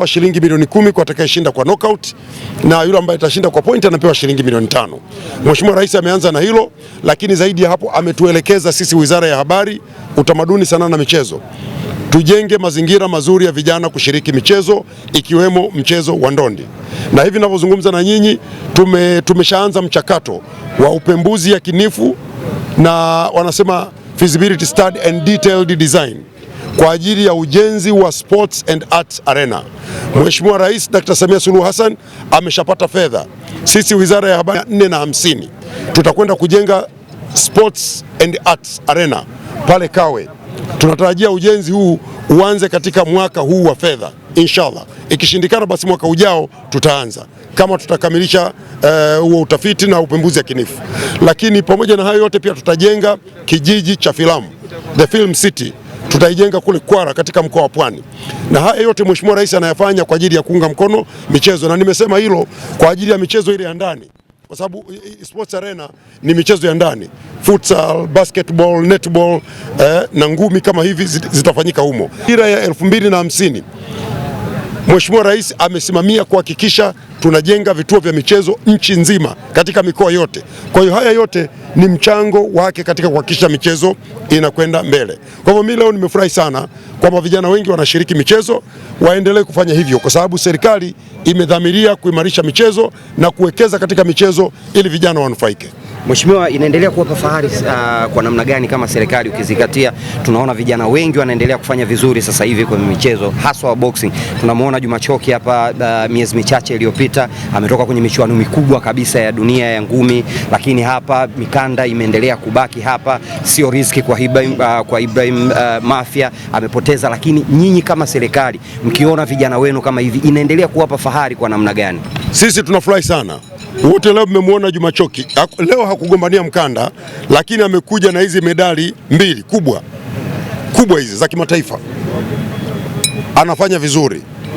wa shilingi milioni kumi kwa atakayeshinda kwa knockout na yule ambaye atashinda kwa point anapewa shilingi milioni tano. Mheshimiwa Rais ameanza na hilo, lakini zaidi ya hapo ametuelekeza sisi Wizara ya Habari, Utamaduni, Sanaa na Michezo tujenge mazingira mazuri ya vijana kushiriki michezo ikiwemo mchezo wa ndondi, na hivi ninavyozungumza na nyinyi tume, tumeshaanza mchakato wa upembuzi yakinifu na wanasema feasibility study and detailed design kwa ajili ya ujenzi wa sports and arts arena. Mheshimiwa Rais Dr. Samia Suluhu Hassan ameshapata fedha. Sisi Wizara ya Habari nne na hamsini tutakwenda kujenga Sports and Arts Arena pale Kawe. Tunatarajia ujenzi huu uanze katika mwaka huu wa fedha inshallah. Ikishindikana basi mwaka ujao tutaanza kama tutakamilisha eh, huo uh, utafiti na upembuzi yakinifu. Lakini pamoja na hayo yote, pia tutajenga kijiji cha filamu, The Film City tutaijenga kule Kwara katika mkoa wa Pwani, na haya yote Mheshimiwa Rais anayafanya kwa ajili ya kuunga mkono michezo, na nimesema hilo kwa ajili ya michezo ile ya ndani kwa sababu sports arena ni michezo ya ndani, futsal, basketball, netball eh, na ngumi kama hivi zitafanyika humo. Dira ya elfu mbili na hamsini Mheshimiwa Rais amesimamia kuhakikisha tunajenga vituo vya michezo nchi nzima katika mikoa yote. Kwa hiyo haya yote ni mchango wake katika kuhakikisha michezo inakwenda mbele. Kwa hivyo mimi leo nimefurahi sana kwamba vijana wengi wanashiriki michezo, waendelee kufanya hivyo kwa sababu serikali imedhamiria kuimarisha michezo na kuwekeza katika michezo ili vijana wanufaike. Mheshimiwa, inaendelea kuwapa fahari uh, kwa namna gani kama serikali, ukizingatia tunaona vijana wengi wanaendelea kufanya vizuri sasa hivi kwenye michezo haswa wa boxing. Tunamwona Juma Choki hapa uh, miezi michache iliyopita ametoka kwenye michuano mikubwa kabisa ya dunia ya ngumi, lakini hapa mikanda imeendelea kubaki hapa, sio riski kwa Ibrahim, uh, kwa Ibrahim uh, Mafia amepoteza, lakini nyinyi kama serikali mkiona vijana wenu kama hivi inaendelea kuwapa fahari kwa namna gani? Sisi tunafurahi sana wote leo mmemwona Juma Choki leo hakugombania mkanda, lakini amekuja na hizi medali mbili kubwa kubwa hizi za kimataifa, anafanya vizuri.